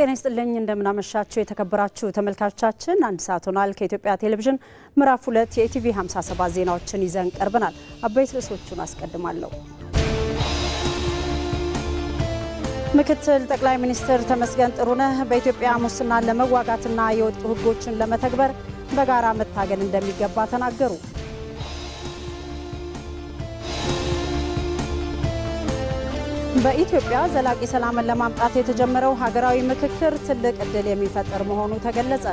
ጤና ይስጥልኝ እንደምናመሻችሁ የተከበራችሁ ተመልካቾቻችን፣ አንድ ሰዓት ሆኗል። ከኢትዮጵያ ቴሌቪዥን ምዕራፍ ሁለት የኢቲቪ 57 ዜናዎችን ይዘን ቀርበናል። አበይት ርዕሶቹን አስቀድማለሁ። ምክትል ጠቅላይ ሚኒስትር ተመስገን ጥሩነህ በኢትዮጵያ ሙስናን ለመዋጋትና የወጡ ሕጎችን ለመተግበር በጋራ መታገል እንደሚገባ ተናገሩ። በኢትዮጵያ ዘላቂ ሰላምን ለማምጣት የተጀመረው ሀገራዊ ምክክር ትልቅ ዕድል የሚፈጥር መሆኑ ተገለጸ።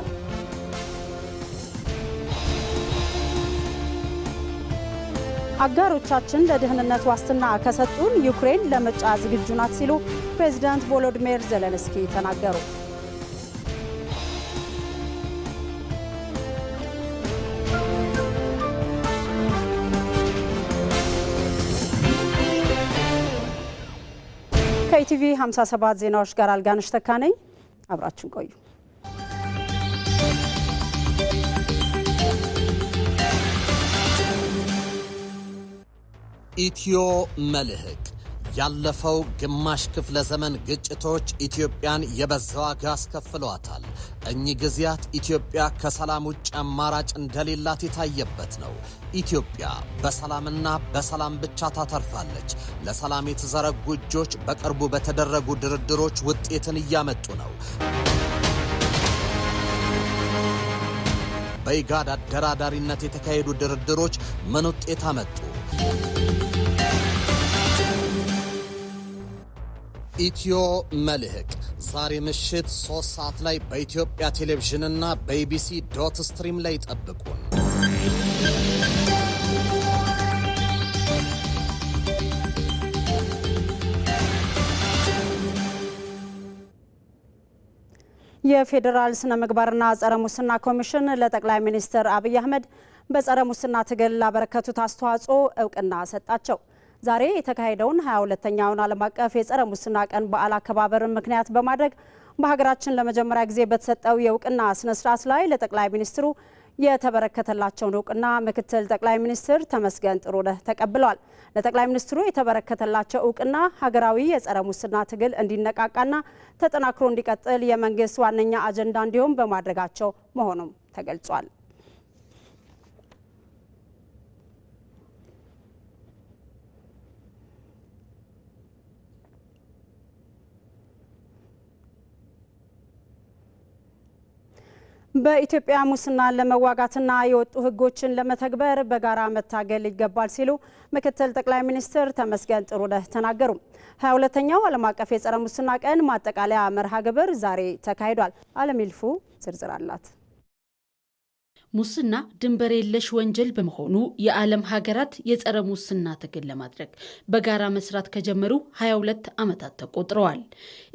አጋሮቻችን ለደህንነት ዋስትና ከሰጡን ዩክሬን ለምርጫ ዝግጁ ናት ሲሉ ፕሬዚዳንት ቮሎዲሚር ዜሌንስኪ ተናገሩ። ቲቪ 57 ዜናዎች ጋር አልጋነሽ ተካ ነኝ። አብራችን ቆዩ። ኢትዮ መልህቅ ያለፈው ግማሽ ክፍለ ዘመን ግጭቶች ኢትዮጵያን የበዛ ዋጋ አስከፍለዋታል። እኚህ ጊዜያት ኢትዮጵያ ከሰላም ውጭ አማራጭ እንደሌላት የታየበት ነው። ኢትዮጵያ በሰላምና በሰላም ብቻ ታተርፋለች። ለሰላም የተዘረጉ እጆች በቅርቡ በተደረጉ ድርድሮች ውጤትን እያመጡ ነው። በኢጋድ አደራዳሪነት የተካሄዱ ድርድሮች ምን ውጤት አመጡ? ኢትዮ መልህቅ ዛሬ ምሽት ሶስት ሰዓት ላይ በኢትዮጵያ ቴሌቪዥንና በኢቢሲ ዶት ስትሪም ላይ ጠብቁን። የፌዴራል ስነ ምግባርና ጸረ ሙስና ኮሚሽን ለጠቅላይ ሚኒስትር አብይ አህመድ በጸረ ሙስና ትግል ላበረከቱት አስተዋጽኦ እውቅና ሰጣቸው። ዛሬ የተካሄደውን 22ኛውን ዓለም አቀፍ የጸረ ሙስና ቀን በዓል አከባበርን ምክንያት በማድረግ በሀገራችን ለመጀመሪያ ጊዜ በተሰጠው የእውቅና ስነስርዓት ላይ ለጠቅላይ ሚኒስትሩ የተበረከተላቸውን እውቅና ምክትል ጠቅላይ ሚኒስትር ተመስገን ጥሩነህ ተቀብለዋል። ለጠቅላይ ሚኒስትሩ የተበረከተላቸው እውቅና ሀገራዊ የጸረ ሙስና ትግል እንዲነቃቃና ተጠናክሮ እንዲቀጥል የመንግስት ዋነኛ አጀንዳ እንዲሆን በማድረጋቸው መሆኑም ተገልጿል። በኢትዮጵያ ሙስናን ለመዋጋትና የወጡ ሕጎችን ለመተግበር በጋራ መታገል ይገባል ሲሉ ምክትል ጠቅላይ ሚኒስትር ተመስገን ጥሩነህ ተናገሩ። 22ኛው ዓለም አቀፍ የጸረ ሙስና ቀን ማጠቃለያ መርሃ ግብር ዛሬ ተካሂዷል። አለሚልፉ ዝርዝር አላት። ሙስና ድንበር የለሽ ወንጀል በመሆኑ የዓለም ሀገራት የጸረ ሙስና ትግል ለማድረግ በጋራ መስራት ከጀመሩ 22 ዓመታት ተቆጥረዋል።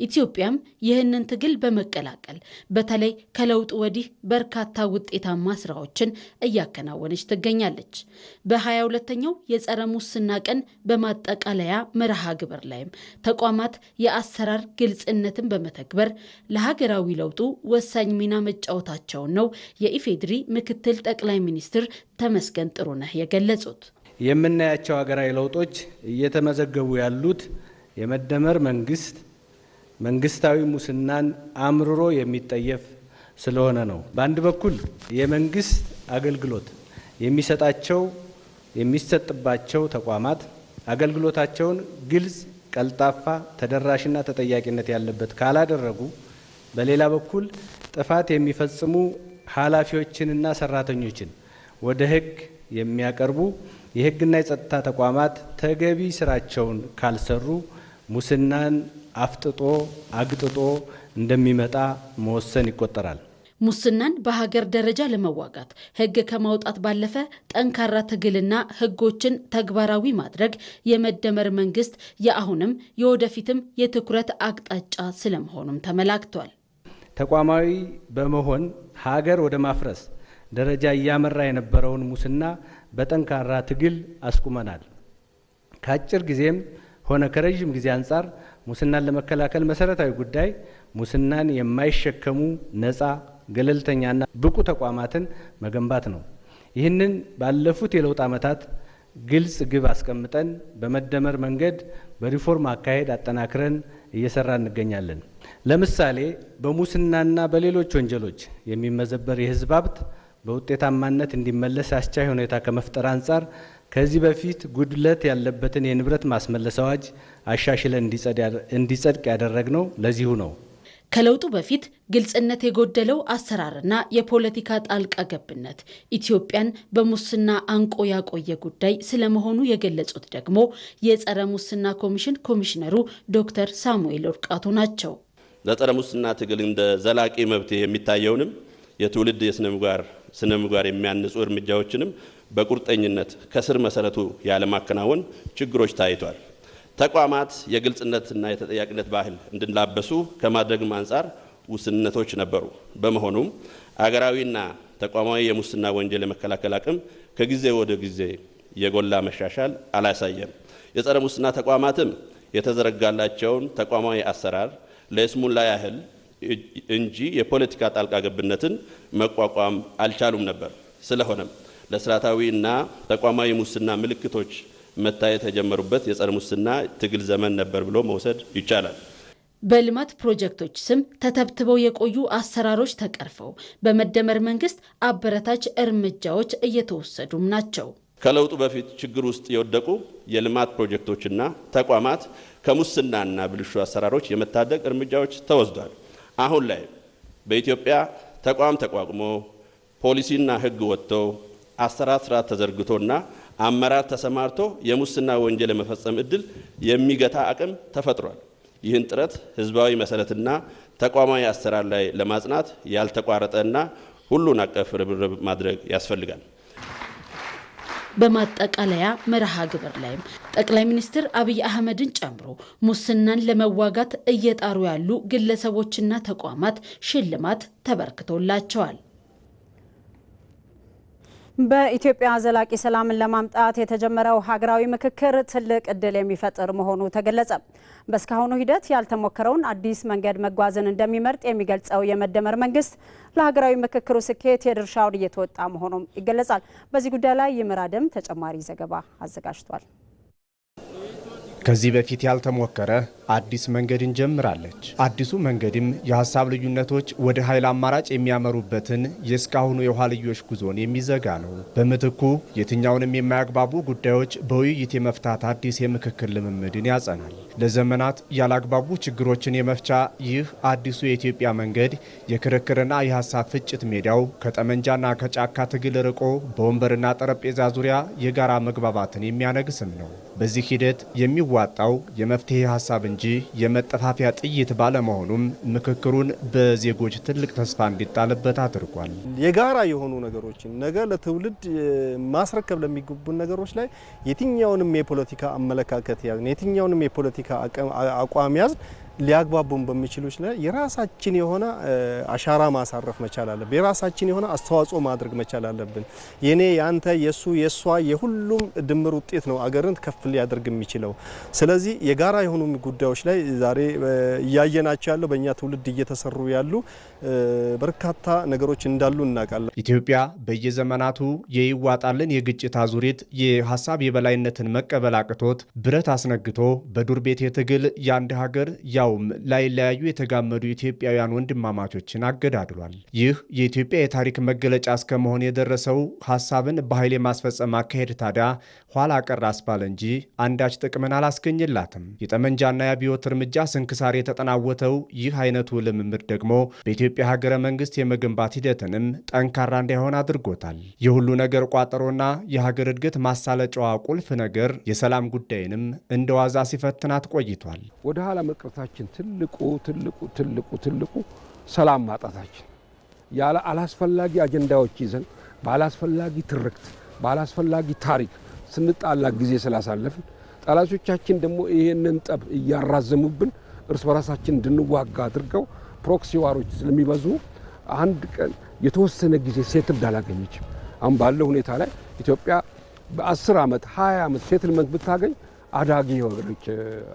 ኢትዮጵያም ይህንን ትግል በመቀላቀል በተለይ ከለውጥ ወዲህ በርካታ ውጤታማ ስራዎችን እያከናወነች ትገኛለች። በ22ኛው የጸረ ሙስና ቀን በማጠቃለያ መርሃ ግብር ላይም ተቋማት የአሰራር ግልጽነትን በመተግበር ለሀገራዊ ለውጡ ወሳኝ ሚና መጫወታቸውን ነው ምክ ምክትል ጠቅላይ ሚኒስትር ተመስገን ጥሩነህ የገለጹት። የምናያቸው ሀገራዊ ለውጦች እየተመዘገቡ ያሉት የመደመር መንግስት መንግስታዊ ሙስናን አምርሮ የሚጠየፍ ስለሆነ ነው። በአንድ በኩል የመንግስት አገልግሎት የሚሰጣቸው የሚሰጥባቸው ተቋማት አገልግሎታቸውን ግልጽ፣ ቀልጣፋ፣ ተደራሽና ተጠያቂነት ያለበት ካላደረጉ፣ በሌላ በኩል ጥፋት የሚፈጽሙ ኃላፊዎችንና ሰራተኞችን ወደ ህግ የሚያቀርቡ የህግና የጸጥታ ተቋማት ተገቢ ስራቸውን ካልሰሩ ሙስናን አፍጥጦ አግጥጦ እንደሚመጣ መወሰን ይቆጠራል። ሙስናን በሀገር ደረጃ ለመዋጋት ህግ ከማውጣት ባለፈ ጠንካራ ትግልና ህጎችን ተግባራዊ ማድረግ የመደመር መንግስት የአሁንም የወደፊትም የትኩረት አቅጣጫ ስለመሆኑም ተመላክቷል። ተቋማዊ በመሆን ሀገር ወደ ማፍረስ ደረጃ እያመራ የነበረውን ሙስና በጠንካራ ትግል አስቁመናል። ከአጭር ጊዜም ሆነ ከረዥም ጊዜ አንጻር ሙስናን ለመከላከል መሰረታዊ ጉዳይ ሙስናን የማይሸከሙ ነፃ ገለልተኛና ብቁ ተቋማትን መገንባት ነው። ይህንን ባለፉት የለውጥ ዓመታት ግልጽ ግብ አስቀምጠን በመደመር መንገድ በሪፎርም አካሄድ አጠናክረን እየሰራ እንገኛለን። ለምሳሌ በሙስናና በሌሎች ወንጀሎች የሚመዘበር የህዝብ ሀብት በውጤታማነት እንዲመለስ አስቻይ ሁኔታ ከመፍጠር አንጻር ከዚህ በፊት ጉድለት ያለበትን የንብረት ማስመለስ አዋጅ አሻሽለን እንዲጸድቅ ያደረግነው ለዚሁ ነው። ከለውጡ በፊት ግልጽነት የጎደለው አሰራርና የፖለቲካ ጣልቃ ገብነት ኢትዮጵያን በሙስና አንቆ ያቆየ ጉዳይ ስለመሆኑ የገለጹት ደግሞ የጸረ ሙስና ኮሚሽን ኮሚሽነሩ ዶክተር ሳሙኤል ርቃቱ ናቸው። ለጸረ ሙስና ትግል እንደ ዘላቂ መብት የሚታየውንም የትውልድ የስነምግባር ስነምግባር የሚያንጹ እርምጃዎችንም በቁርጠኝነት ከስር መሰረቱ ያለማከናወን ችግሮች ታይቷል። ተቋማት የግልጽነትና የተጠያቂነት ባህል እንድንላበሱ ከማድረግም አንጻር ውስንነቶች ነበሩ። በመሆኑም አገራዊና ተቋማዊ የሙስና ወንጀል የመከላከል አቅም ከጊዜ ወደ ጊዜ የጎላ መሻሻል አላሳየም። የጸረ ሙስና ተቋማትም የተዘረጋላቸውን ተቋማዊ አሰራር ለይስሙላ ያህል እንጂ የፖለቲካ ጣልቃ ገብነትን መቋቋም አልቻሉም ነበር። ስለሆነም ለስርዓታዊ እና ተቋማዊ ሙስና ምልክቶች መታየት የጀመሩበት የጸረ ሙስና ትግል ዘመን ነበር ብሎ መውሰድ ይቻላል። በልማት ፕሮጀክቶች ስም ተተብትበው የቆዩ አሰራሮች ተቀርፈው በመደመር መንግስት አበረታች እርምጃዎች እየተወሰዱም ናቸው። ከለውጡ በፊት ችግር ውስጥ የወደቁ የልማት ፕሮጀክቶችና ተቋማት ከሙስናና ብልሹ አሰራሮች የመታደግ እርምጃዎች ተወስዷል። አሁን ላይ በኢትዮጵያ ተቋም ተቋቁሞ ፖሊሲና ሕግ ወጥቶ አሰራር ስርዓት ተዘርግቶና አመራር ተሰማርቶ የሙስና ወንጀል የመፈጸም እድል የሚገታ አቅም ተፈጥሯል። ይህን ጥረት ህዝባዊ መሰረትና ተቋማዊ አሰራር ላይ ለማጽናት ያልተቋረጠና ሁሉን አቀፍ ርብርብ ማድረግ ያስፈልጋል። በማጠቃለያ መርሃ ግብር ላይም ጠቅላይ ሚኒስትር አብይ አህመድን ጨምሮ ሙስናን ለመዋጋት እየጣሩ ያሉ ግለሰቦችና ተቋማት ሽልማት ተበርክቶላቸዋል። በኢትዮጵያ ዘላቂ ሰላምን ለማምጣት የተጀመረው ሀገራዊ ምክክር ትልቅ እድል የሚፈጥር መሆኑ ተገለጸ። በእስካሁኑ ሂደት ያልተሞከረውን አዲስ መንገድ መጓዝን እንደሚመርጥ የሚገልጸው የመደመር መንግስት ለሀገራዊ ምክክሩ ስኬት የድርሻውን እየተወጣ መሆኑም ይገለጻል። በዚህ ጉዳይ ላይ ይምራ ደም ተጨማሪ ዘገባ አዘጋጅቷል። ከዚህ በፊት ያልተሞከረ አዲስ መንገድን ጀምራለች። አዲሱ መንገድም የሀሳብ ልዩነቶች ወደ ኃይል አማራጭ የሚያመሩበትን የእስካሁኑ የውሃ ልዮች ጉዞን የሚዘጋ ነው። በምትኩ የትኛውንም የማያግባቡ ጉዳዮች በውይይት የመፍታት አዲስ የምክክር ልምምድን ያጸናል። ለዘመናት ያላግባቡ ችግሮችን የመፍቻ ይህ አዲሱ የኢትዮጵያ መንገድ የክርክርና የሀሳብ ፍጭት ሜዳው ከጠመንጃና ከጫካ ትግል ርቆ በወንበርና ጠረጴዛ ዙሪያ የጋራ መግባባትን የሚያነግስም ነው። በዚህ ሂደት የሚዋ የሚዋጣው የመፍትሄ ሀሳብ እንጂ የመጠፋፊያ ጥይት ባለመሆኑም ምክክሩን በዜጎች ትልቅ ተስፋ እንዲጣልበት አድርጓል። የጋራ የሆኑ ነገሮችን ነገ ለትውልድ ማስረከብ ለሚገቡን ነገሮች ላይ የትኛውንም የፖለቲካ አመለካከት ያዝን፣ የትኛውንም የፖለቲካ አቋም ያዝን ሊያግባቡን በሚችሉች ላይ የራሳችን የሆነ አሻራ ማሳረፍ መቻል አለብን። የራሳችን የሆነ አስተዋጽኦ ማድረግ መቻል አለብን። የኔ የአንተ፣ የሱ፣ የሷ የሁሉም ድምር ውጤት ነው አገርን ከፍ ሊያደርግ የሚችለው። ስለዚህ የጋራ የሆኑ ጉዳዮች ላይ ዛሬ እያየናቸው ያለው በእኛ ትውልድ እየተሰሩ ያሉ በርካታ ነገሮች እንዳሉ እናውቃለን። ኢትዮጵያ በየዘመናቱ የይዋጣልን የግጭት አዙሪት የሀሳብ የበላይነትን መቀበል አቅቶት ብረት አስነግቶ በዱር ቤት የትግል የአንድ ሀገር ያ በመላውም ላይለያዩ የተጋመዱ ኢትዮጵያውያን ወንድማማቾችን አገዳድሏል። ይህ የኢትዮጵያ የታሪክ መገለጫ እስከመሆን የደረሰው ሀሳብን በኃይል የማስፈጸም አካሄድ ታዲያ ኋላ ቀር አስባል እንጂ አንዳች ጥቅምን አላስገኝላትም። የጠመንጃና የአብዮት እርምጃ ስንክሳር የተጠናወተው ይህ አይነቱ ልምምድ ደግሞ በኢትዮጵያ ሀገረ መንግስት የመገንባት ሂደትንም ጠንካራ እንዳይሆን አድርጎታል። የሁሉ ነገር ቋጠሮና የሀገር እድገት ማሳለጫዋ ቁልፍ ነገር የሰላም ጉዳይንም እንደ ዋዛ ሲፈትናት ቆይቷል። ወደ ኋላ መቅረታችን የሀገራችን ትልቁ ትልቁ ትልቁ ትልቁ ሰላም ማጣታችን ያለ አላስፈላጊ አጀንዳዎች ይዘን ባላስፈላጊ ትርክት ባላስፈላጊ ታሪክ ስንጣላ ጊዜ ስላሳለፍን ጠላቶቻችን ደግሞ ይህንን ጠብ እያራዘሙብን እርስ በራሳችን እንድንዋጋ አድርገው ፕሮክሲ ዋሮች ስለሚበዙ አንድ ቀን የተወሰነ ጊዜ ሴትልድ አላገኘችም። አሁን ባለው ሁኔታ ላይ ኢትዮጵያ በአስር ዓመት ሀያ ዓመት ሴትልመንት ብታገኝ አዳጊ ወገኖች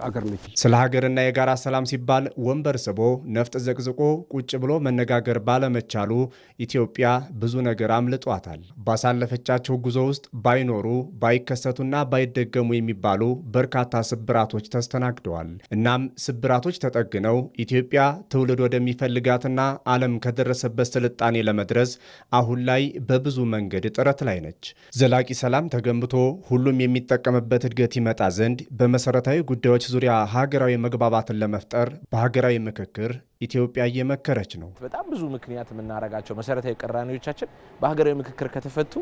አገር ነች። ስለ ሀገርና የጋራ ሰላም ሲባል ወንበር ስቦ ነፍጥ ዘቅዝቆ ቁጭ ብሎ መነጋገር ባለመቻሉ ኢትዮጵያ ብዙ ነገር አምልጧታል። ባሳለፈቻቸው ጉዞ ውስጥ ባይኖሩ ባይከሰቱና ባይደገሙ የሚባሉ በርካታ ስብራቶች ተስተናግደዋል። እናም ስብራቶች ተጠግነው ኢትዮጵያ ትውልድ ወደሚፈልጋትና ዓለም ከደረሰበት ስልጣኔ ለመድረስ አሁን ላይ በብዙ መንገድ ጥረት ላይ ነች። ዘላቂ ሰላም ተገንብቶ ሁሉም የሚጠቀምበት እድገት ይመጣ ዘንድ በመሰረታዊ ጉዳዮች ዙሪያ ሀገራዊ መግባባትን ለመፍጠር በሀገራዊ ምክክር ኢትዮጵያ እየመከረች ነው። በጣም ብዙ ምክንያት የምናደርጋቸው መሰረታዊ ቅራኔዎቻችን በሀገራዊ ምክክር ከተፈቱ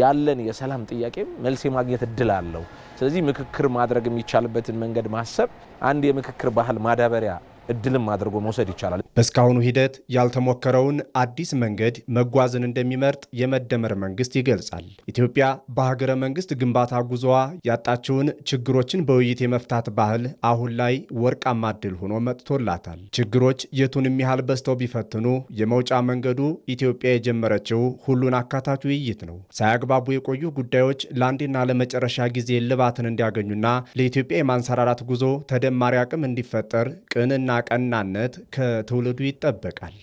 ያለን የሰላም ጥያቄ መልስ የማግኘት እድል አለው። ስለዚህ ምክክር ማድረግ የሚቻልበትን መንገድ ማሰብ አንድ የምክክር ባህል ማዳበሪያ እድልም አድርጎ መውሰድ ይቻላል። በእስካሁኑ ሂደት ያልተሞከረውን አዲስ መንገድ መጓዝን እንደሚመርጥ የመደመር መንግስት ይገልጻል። ኢትዮጵያ በሀገረ መንግስት ግንባታ ጉዞዋ ያጣችውን ችግሮችን በውይይት የመፍታት ባህል አሁን ላይ ወርቃማ እድል ሆኖ መጥቶላታል። ችግሮች የቱንም ያህል በዝተው ቢፈትኑ የመውጫ መንገዱ ኢትዮጵያ የጀመረችው ሁሉን አካታች ውይይት ነው። ሳያግባቡ የቆዩ ጉዳዮች ለአንዴና ለመጨረሻ ጊዜ ልባትን እንዲያገኙና ለኢትዮጵያ የማንሰራራት ጉዞ ተደማሪ አቅም እንዲፈጠር ቅንና ቀናነት ከትውልዱ ይጠበቃል።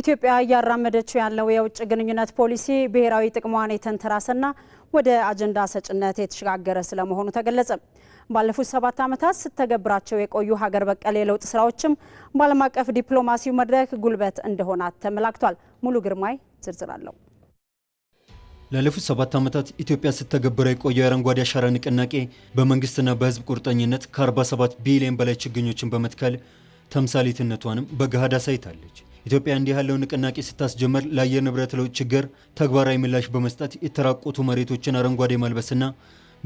ኢትዮጵያ እያራመደችው ያለው የውጭ ግንኙነት ፖሊሲ ብሔራዊ ጥቅሟን የተንተራሰና ወደ አጀንዳ ሰጭነት የተሸጋገረ ስለመሆኑ ተገለጸ። ባለፉት ሰባት ዓመታት ስተገብራቸው የቆዩ ሀገር በቀል የለውጥ ስራዎችም በዓለም አቀፍ ዲፕሎማሲው መድረክ ጉልበት እንደሆናት ተመላክቷል። ሙሉ ግርማይ ዝርዝር አለው። ላለፉት ሰባት ዓመታት ኢትዮጵያ ስተገብረ የቆየው የአረንጓዴ አሻራ ንቅናቄ በመንግስትና በህዝብ ቁርጠኝነት ከ47 ቢሊዮን በላይ ችግኞችን በመትከል ተምሳሌትነቷንም በገሃድ አሳይታለች። ኢትዮጵያ እንዲህ ያለው ንቅናቄ ስታስጀምር ለአየር ንብረት ለውጥ ችግር ተግባራዊ ምላሽ በመስጠት የተራቆቱ መሬቶችን አረንጓዴ ማልበስና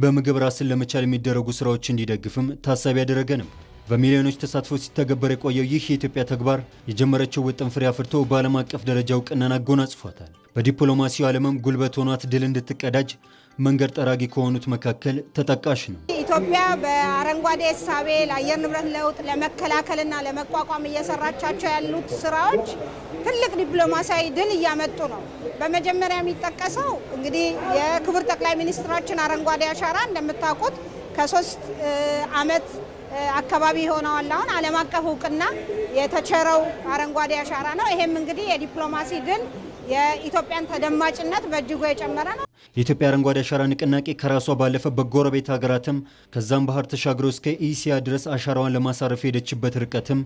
በምግብ ራስን ለመቻል የሚደረጉ ስራዎች እንዲደግፍም ታሳቢ ያደረገ ነው። በሚሊዮኖች ተሳትፎ ሲተገበር የቆየው ይህ የኢትዮጵያ ተግባር የጀመረችው ውጥን ፍሬ አፍርቶ በዓለም አቀፍ ደረጃ እውቅናን አጎናጽፏታል። በዲፕሎማሲው ዓለምም ጉልበት ሆኗት ድል እንድትቀዳጅ መንገድ ጠራጊ ከሆኑት መካከል ተጠቃሽ ነው። ኢትዮጵያ በአረንጓዴ እሳቤ ለአየር ንብረት ለውጥ ለመከላከልና ለመቋቋም እየሰራቻቸው ያሉት ስራዎች ትልቅ ዲፕሎማሲያዊ ድል እያመጡ ነው። በመጀመሪያ የሚጠቀሰው እንግዲህ የክቡር ጠቅላይ ሚኒስትራችን አረንጓዴ አሻራ እንደምታውቁት ከሶስት ዓመት አካባቢ ሆነዋል። አሁን ዓለም አቀፍ እውቅና የተቸረው አረንጓዴ አሻራ ነው። ይሄም እንግዲህ የዲፕሎማሲ ድል የኢትዮጵያን ተደማጭነት በእጅጉ የጨመረ ነው። የኢትዮጵያ አረንጓዴ አሻራ ንቅናቄ ከራሷ ባለፈ በጎረቤት ሀገራትም ከዛም ባህር ተሻግሮ እስከ ኢሲያ ድረስ አሻራዋን ለማሳረፍ የሄደችበት ርቀትም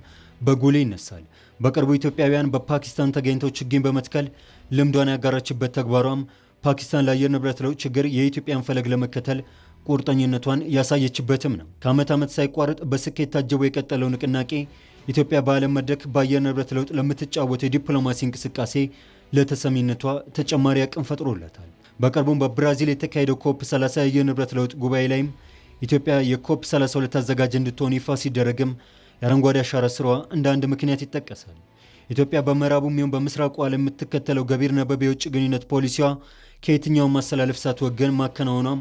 በጉሌ ይነሳል። በቅርቡ ኢትዮጵያውያን በፓኪስታን ተገኝተው ችግኝ በመትከል ልምዷን ያጋራችበት ተግባሯም ፓኪስታን ለአየር ንብረት ለውጥ ችግር የኢትዮጵያን ፈለግ ለመከተል ቁርጠኝነቷን ያሳየችበትም ነው። ከዓመት ዓመት ሳይቋረጥ በስኬት ታጀበው የቀጠለው ንቅናቄ ኢትዮጵያ በዓለም መድረክ በአየር ንብረት ለውጥ ለምትጫወተው የዲፕሎማሲ እንቅስቃሴ ለተሰሚነቷ ተጨማሪ አቅም ፈጥሮለታል። በቅርቡም በብራዚል የተካሄደው ኮፕ 30 የአየር ንብረት ለውጥ ጉባኤ ላይም ኢትዮጵያ የኮፕ 32 አዘጋጅ እንድትሆን ይፋ ሲደረግም የአረንጓዴ አሻራ ስራዋ እንደ አንድ ምክንያት ይጠቀሳል። ኢትዮጵያ በምዕራቡም ይሁን በምስራቁ ዓለም የምትከተለው ገቢር ነበብ የውጭ ግንኙነት ፖሊሲዋ ከየትኛውም ማሰላለፍ ሳትወገን ማከናወኗም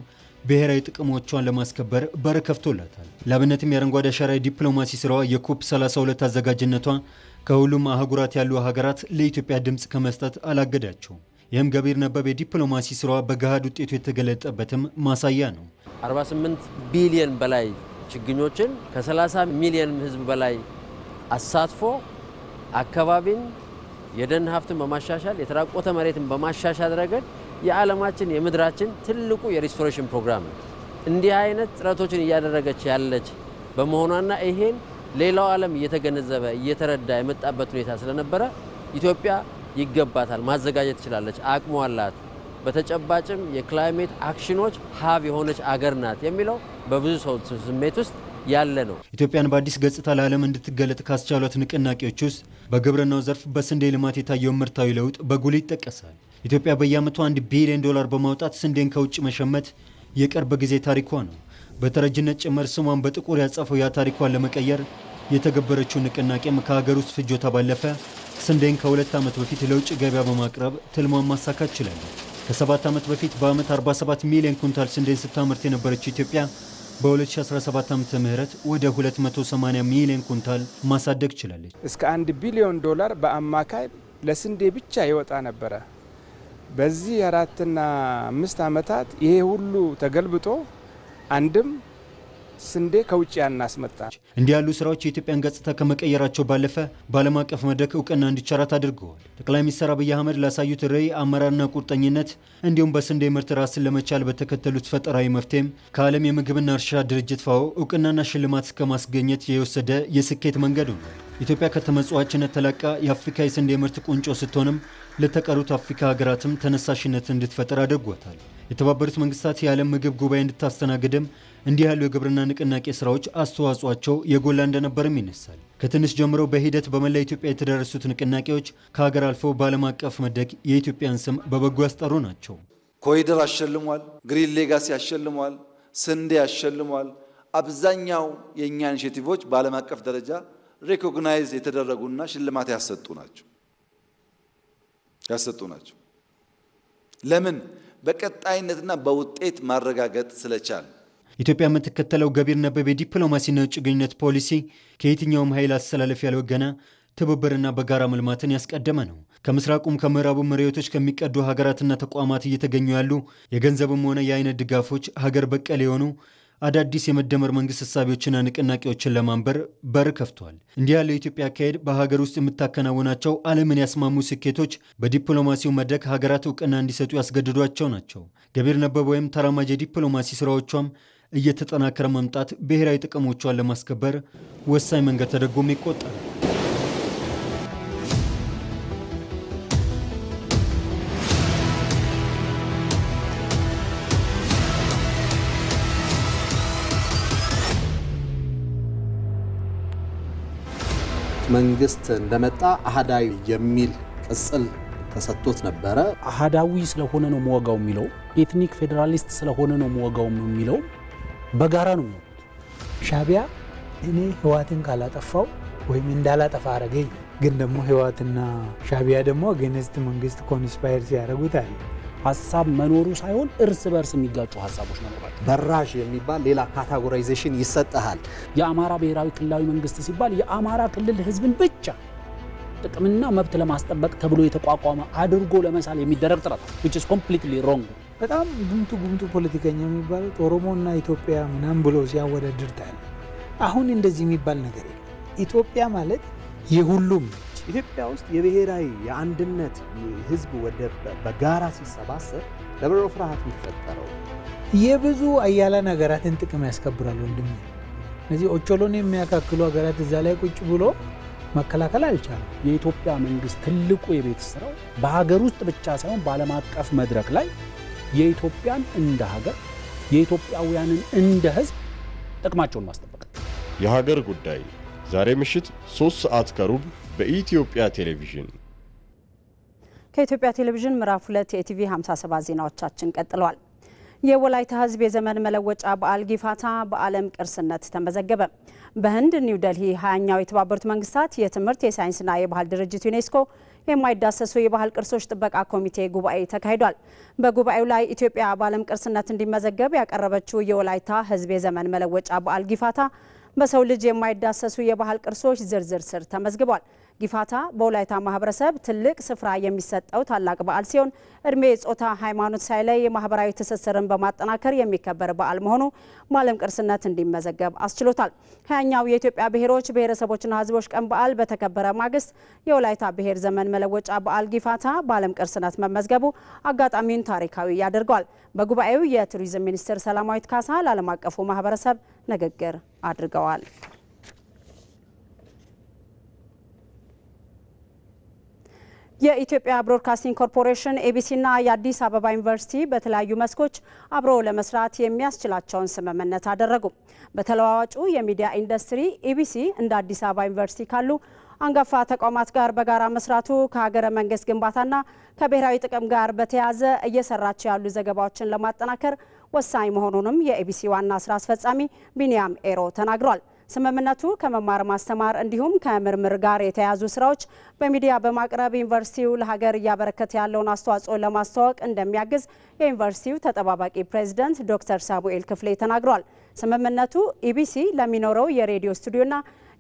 ብሔራዊ ጥቅሞቿን ለማስከበር በር ከፍቶላታል። ለአብነትም የአረንጓዴ አሻራ ዲፕሎማሲ ስራዋ የኮፕ 32 አዘጋጅነቷ ከሁሉም አህጉራት ያሉ ሀገራት ለኢትዮጵያ ድምፅ ከመስጠት አላገዳቸውም። ይህም ገቢር ነበብ የዲፕሎማሲ ስራዋ በገሃድ ውጤቱ የተገለጠበትም ማሳያ ነው። 48 ቢሊየን በላይ ችግኞችን ከ30 ሚሊየን ህዝብ በላይ አሳትፎ አካባቢን የደን ሀብትን በማሻሻል የተራቆተ መሬትን በማሻሻል ረገድ የዓለማችን የምድራችን ትልቁ የሪስቶሬሽን ፕሮግራም ነው። እንዲህ አይነት ጥረቶችን እያደረገች ያለች በመሆኗና ይሄን ሌላው ዓለም እየተገነዘበ እየተረዳ የመጣበት ሁኔታ ስለነበረ ኢትዮጵያ ይገባታል፣ ማዘጋጀት ትችላለች፣ አቅሟ አላት፣ በተጨባጭም የክላይሜት አክሽኖች ሀብ የሆነች አገር ናት የሚለው በብዙ ሰው ስሜት ውስጥ ያለ ነው። ኢትዮጵያን በአዲስ ገጽታ ለዓለም እንድትገለጥ ካስቻሏት ንቅናቄዎች ውስጥ በግብርናው ዘርፍ በስንዴ ልማት የታየው ምርታዊ ለውጥ በጉል ይጠቀሳል። ኢትዮጵያ በየዓመቱ አንድ ቢሊዮን ዶላር በማውጣት ስንዴን ከውጭ መሸመት የቅርብ ጊዜ ታሪኳ ነው። በተረጅነት ጭምር ስሟን በጥቁር ያጻፈው ያ ታሪኳን ለመቀየር የተገበረችው ንቅናቄም ከሀገር ውስጥ ፍጆታ ባለፈ ስንዴን ከሁለት ዓመት በፊት ለውጭ ገበያ በማቅረብ ትልሟን ማሳካት ችላለች። ከሰባት ዓመት በፊት በዓመት 47 ሚሊዮን ኩንታል ስንዴን ስታመርት የነበረችው ኢትዮጵያ በ2017 ዓመተ ምህረት ወደ 280 ሚሊዮን ኩንታል ማሳደግ ችላለች። እስከ አንድ ቢሊዮን ዶላር በአማካይ ለስንዴ ብቻ ይወጣ ነበረ። በዚህ አራትና አምስት ዓመታት ይሄ ሁሉ ተገልብጦ አንድም ስንዴ ከውጭ ያናስመጣ እንዲህ ያሉ ስራዎች የኢትዮጵያን ገጽታ ከመቀየራቸው ባለፈ በዓለም አቀፍ መድረክ እውቅና እንዲቸራት አድርገዋል። ጠቅላይ ሚኒስትር አብይ አህመድ ላሳዩት ርዕይ አመራርና ቁርጠኝነት እንዲሁም በስንዴ ምርት ራስን ለመቻል በተከተሉት ፈጠራዊ መፍትሄም ከዓለም የምግብና እርሻ ድርጅት ፋኦ እውቅናና ሽልማት እስከ ማስገኘት የወሰደ የስኬት መንገዱ ነው። ኢትዮጵያ ከተመጽዋችነት ተለቃ የአፍሪካ የስንዴ ምርት ቁንጮ ስትሆንም ለተቀሩት አፍሪካ ሀገራትም ተነሳሽነት እንድትፈጠር አድርጓታል። የተባበሩት መንግስታት የዓለም ምግብ ጉባኤ እንድታስተናግድም እንዲህ ያሉ የግብርና ንቅናቄ ስራዎች አስተዋጽቸው የጎላ እንደነበርም ይነሳል። ከትንሽ ጀምሮ በሂደት በመላ ኢትዮጵያ የተደረሱት ንቅናቄዎች ከሀገር አልፈው በዓለም አቀፍ መድረክ የኢትዮጵያን ስም በበጎ ያስጠሩ ናቸው። ኮሪደር አሸልሟል፣ ግሪን ሌጋሲ አሸልሟል፣ ስንዴ አሸልሟል። አብዛኛው የእኛ ኢኒሼቲቮች በዓለም አቀፍ ደረጃ ሪኮግናይዝ የተደረጉና ሽልማት ያሰጡ ናቸው ያሰጡ ናቸው። ለምን በቀጣይነትና በውጤት ማረጋገጥ ስለቻል። ኢትዮጵያ የምትከተለው ገቢር ነበብ የዲፕሎማሲና የውጭ ግንኙነት ፖሊሲ ከየትኛውም ኃይል አስተላለፍ ያልወገነ ትብብርና በጋራ መልማትን ያስቀደመ ነው። ከምስራቁም ከምዕራቡ መሪዎቶች ከሚቀዱ ሀገራትና ተቋማት እየተገኙ ያሉ የገንዘብም ሆነ የአይነት ድጋፎች ሀገር በቀል የሆኑ አዳዲስ የመደመር መንግስት እሳቤዎችና ንቅናቄዎችን ለማንበር በር ከፍቷል። እንዲህ ያለው የኢትዮጵያ አካሄድ በሀገር ውስጥ የምታከናውናቸው ዓለምን ያስማሙ ስኬቶች በዲፕሎማሲው መድረክ ሀገራት እውቅና እንዲሰጡ ያስገድዷቸው ናቸው። ገቢር ነበብ ወይም ተራማጅ የዲፕሎማሲ ስራዎቿም እየተጠናከረ መምጣት ብሔራዊ ጥቅሞቿን ለማስከበር ወሳኝ መንገድ ተደርጎም ይቆጠራል። መንግስት እንደመጣ አህዳዊ የሚል ቅጽል ተሰጥቶት ነበረ። አህዳዊ ስለሆነ ነው መወጋው የሚለው ኤትኒክ ፌዴራሊስት ስለሆነ ነው መወጋው የሚለው በጋራ ነው የሚወጡት። ሻቢያ እኔ ህዋትን ካላጠፋው ወይም እንዳላጠፋ አረገኝ፣ ግን ደግሞ ህዋትና ሻቢያ ደግሞ አገነስት መንግስት ኮንስፓየር ሲያደረጉት አለ ሀሳብ መኖሩ ሳይሆን እርስ በርስ የሚጋጩ ሀሳቦች መኖራቸው በራሽ የሚባል ሌላ ካታጎራይዜሽን ይሰጠሃል። የአማራ ብሔራዊ ክልላዊ መንግስት ሲባል የአማራ ክልል ህዝብን ብቻ ጥቅምና መብት ለማስጠበቅ ተብሎ የተቋቋመ አድርጎ ለመሳል የሚደረግ ጥረት which is completely wrong። በጣም ጉምቱ ጉምቱ ፖለቲከኛ የሚባሉት ኦሮሞና ኢትዮጵያ ምናምን ብሎ ሲያወዳድር ታያለህ። አሁን እንደዚህ የሚባል ነገር የለም። ኢትዮጵያ ማለት የሁሉም ኢትዮጵያ ውስጥ የብሔራዊ የአንድነት ህዝብ ወደብ በጋራ ሲሰባሰብ ለበሮ ፍርሃት የሚፈጠረው የብዙ አያላን ሀገራትን ጥቅም ያስከብራል። ወንድም እነዚህ ኦቾሎን የሚያካክሉ ሀገራት እዛ ላይ ቁጭ ብሎ መከላከል አልቻለም። የኢትዮጵያ መንግስት ትልቁ የቤት ስራው በሀገር ውስጥ ብቻ ሳይሆን በዓለም አቀፍ መድረክ ላይ የኢትዮጵያን እንደ ሀገር የኢትዮጵያውያንን እንደ ህዝብ ጥቅማቸውን ማስጠበቅ የሀገር ጉዳይ ዛሬ ምሽት ሶስት ሰዓት ከሩብ በኢትዮጵያ ቴሌቪዥን ከኢትዮጵያ ቴሌቪዥን ምዕራፍ 2 የኢቲቪ 57 ዜናዎቻችን ቀጥሏል። የወላይታ ሕዝብ የዘመን መለወጫ በዓል ጊፋታ በዓለም ቅርስነት ተመዘገበ። በህንድ ኒው ደልሂ ሀያኛው የተባበሩት መንግስታት የትምህርት የሳይንስና የባህል ድርጅት ዩኔስኮ የማይዳሰሱ የባህል ቅርሶች ጥበቃ ኮሚቴ ጉባኤ ተካሂዷል። በጉባኤው ላይ ኢትዮጵያ በዓለም ቅርስነት እንዲመዘገብ ያቀረበችው የወላይታ ሕዝብ የዘመን መለወጫ በዓል ጊፋታ በሰው ልጅ የማይዳሰሱ የባህል ቅርሶች ዝርዝር ስር ተመዝግቧል። ጊፋታ በወላይታ ማህበረሰብ ትልቅ ስፍራ የሚሰጠው ታላቅ በዓል ሲሆን እድሜ፣ ጾታ፣ ሃይማኖት ሳይለይ የማህበራዊ ትስስርን በማጠናከር የሚከበር በዓል መሆኑ በዓለም ቅርስነት እንዲመዘገብ አስችሎታል። ሀያኛው የኢትዮጵያ ብሔሮች ብሔረሰቦችና ህዝቦች ቀን በዓል በተከበረ ማግስት የወላይታ ብሔር ዘመን መለወጫ በዓል ጊፋታ በዓለም ቅርስነት መመዝገቡ አጋጣሚውን ታሪካዊ ያደርገዋል። በጉባኤው የቱሪዝም ሚኒስትር ሰላማዊት ካሳ ለዓለም አቀፉ ማህበረሰብ ንግግር አድርገዋል። የኢትዮጵያ ብሮድካስቲንግ ኮርፖሬሽን ኤቢሲና የአዲስ አበባ ዩኒቨርሲቲ በተለያዩ መስኮች አብሮ ለመስራት የሚያስችላቸውን ስምምነት አደረጉ። በተለዋዋጩ የሚዲያ ኢንዱስትሪ ኤቢሲ እንደ አዲስ አበባ ዩኒቨርሲቲ ካሉ አንጋፋ ተቋማት ጋር በጋራ መስራቱ ከሀገረ መንግስት ግንባታና ከብሔራዊ ጥቅም ጋር በተያያዘ እየሰራቸው ያሉ ዘገባዎችን ለማጠናከር ወሳኝ መሆኑንም የኤቢሲ ዋና ስራ አስፈጻሚ ቢንያም ኤሮ ተናግሯል። ስምምነቱ ከመማር ማስተማር እንዲሁም ከምርምር ጋር የተያያዙ ስራዎች በሚዲያ በማቅረብ ዩኒቨርሲቲው ለሀገር እያበረከተ ያለውን አስተዋጽኦ ለማስተዋወቅ እንደሚያግዝ የዩኒቨርሲቲው ተጠባባቂ ፕሬዚደንት ዶክተር ሳሙኤል ክፍሌ ተናግሯል። ስምምነቱ ኢቢሲ ለሚኖረው የሬዲዮ ስቱዲዮና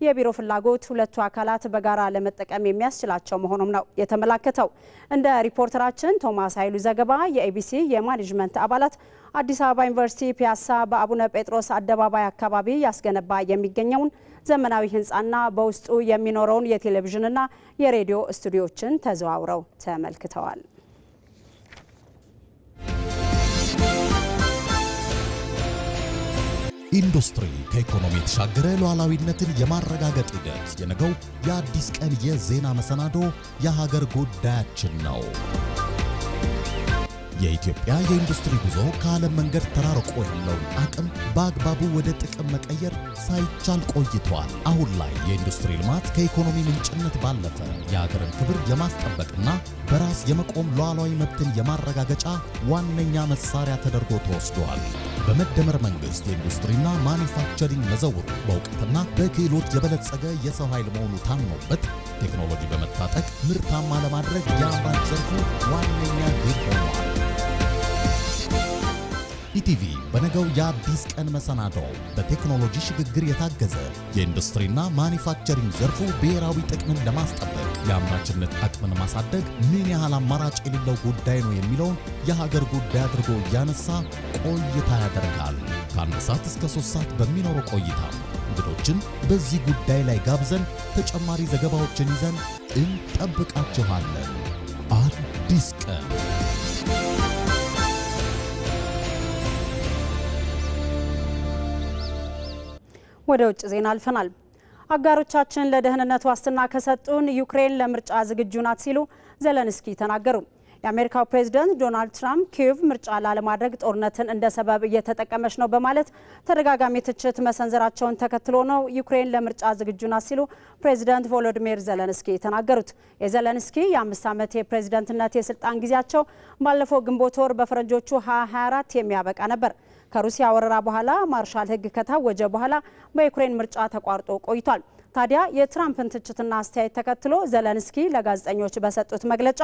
የቢሮ ፍላጎት ሁለቱ አካላት በጋራ ለመጠቀም የሚያስችላቸው መሆኑም ነው የተመላከተው። እንደ ሪፖርተራችን ቶማስ ኃይሉ ዘገባ የኤቢሲ የማኔጅመንት አባላት አዲስ አበባ ዩኒቨርሲቲ ፒያሳ በአቡነ ጴጥሮስ አደባባይ አካባቢ ያስገነባ የሚገኘውን ዘመናዊ ህንፃና በውስጡ የሚኖረውን የቴሌቪዥንና የሬዲዮ ስቱዲዮችን ተዘዋውረው ተመልክተዋል። ኢንዱስትሪ ከኢኮኖሚ የተሻገረ ሉዓላዊነትን የማረጋገጥ ሂደት የነገው የአዲስ ቀን የዜና መሰናዶ የሀገር ጉዳያችን ነው። የኢትዮጵያ የኢንዱስትሪ ጉዞ ከዓለም መንገድ ተራርቆ ያለውን አቅም በአግባቡ ወደ ጥቅም መቀየር ሳይቻል ቆይቷል። አሁን ላይ የኢንዱስትሪ ልማት ከኢኮኖሚ ምንጭነት ባለፈ የአገርን ክብር የማስጠበቅና በራስ የመቆም ሉዓላዊ መብትን የማረጋገጫ ዋነኛ መሳሪያ ተደርጎ ተወስዷል። በመደመር መንግስት የኢንዱስትሪና ማኒፋክቸሪንግ መዘውሩ በእውቀትና በክህሎት የበለጸገ የሰው ኃይል መሆኑ ታምኖበት ቴክኖሎጂ በመታጠቅ ምርታማ ለማድረግ የአምራች ዘርፉ ዋነኛ ግብ ሆኗል። ኢቲቪ በነገው የአዲስ ቀን መሰናዶ በቴክኖሎጂ ሽግግር የታገዘ የኢንዱስትሪና ማኒፋክቸሪንግ ዘርፉ ብሔራዊ ጥቅምን ለማስጠበቅ የአምራችነት አቅምን ማሳደግ ምን ያህል አማራጭ የሌለው ጉዳይ ነው የሚለውን የሀገር ጉዳይ አድርጎ እያነሳ ቆይታ ያደርጋል። ከአንድ ሰዓት እስከ ሶስት ሰዓት በሚኖረው ቆይታ እንግዶችን በዚህ ጉዳይ ላይ ጋብዘን ተጨማሪ ዘገባዎችን ይዘን እንጠብቃችኋለን። አዲስ ቀን ወደ ውጭ ዜና አልፈናል። አጋሮቻችን ለደህንነት ዋስትና ከሰጡን ዩክሬን ለምርጫ ዝግጁ ናት ሲሉ ዘለንስኪ ተናገሩ። የአሜሪካው ፕሬዚደንት ዶናልድ ትራምፕ ኪየቭ ምርጫ ላለማድረግ ጦርነትን እንደ ሰበብ እየተጠቀመች ነው በማለት ተደጋጋሚ ትችት መሰንዘራቸውን ተከትሎ ነው ዩክሬን ለምርጫ ዝግጁ ናት ሲሉ ፕሬዚደንት ቮሎዲሚር ዘለንስኪ ተናገሩት። የዘለንስኪ የአምስት ዓመት የፕሬዚደንትነት የስልጣን ጊዜያቸው ባለፈው ግንቦት ወር በፈረንጆቹ 2024 የሚያበቃ ነበር። ከሩሲያ ወረራ በኋላ ማርሻል ሕግ ከታወጀ በኋላ በዩክሬን ምርጫ ተቋርጦ ቆይቷል። ታዲያ የትራምፕን ትችትና አስተያየት ተከትሎ ዘለንስኪ ለጋዜጠኞች በሰጡት መግለጫ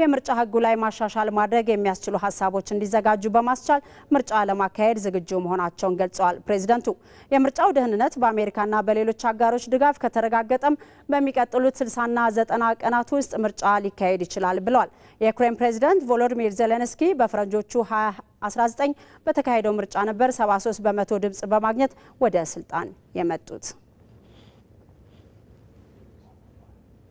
የምርጫ ሕጉ ላይ ማሻሻል ማድረግ የሚያስችሉ ሀሳቦች እንዲዘጋጁ በማስቻል ምርጫ ለማካሄድ ዝግጁ መሆናቸውን ገልጸዋል። ፕሬዚደንቱ የምርጫው ደህንነት በአሜሪካና በሌሎች አጋሮች ድጋፍ ከተረጋገጠም በሚቀጥሉት 60ና 90 ቀናት ውስጥ ምርጫ ሊካሄድ ይችላል ብለዋል። የዩክሬን ፕሬዚደንት ቮሎዲሚር ዘለንስኪ በፈረንጆቹ 2019 በተካሄደው ምርጫ ነበር 73 በመቶ ድምጽ በማግኘት ወደ ስልጣን የመጡት።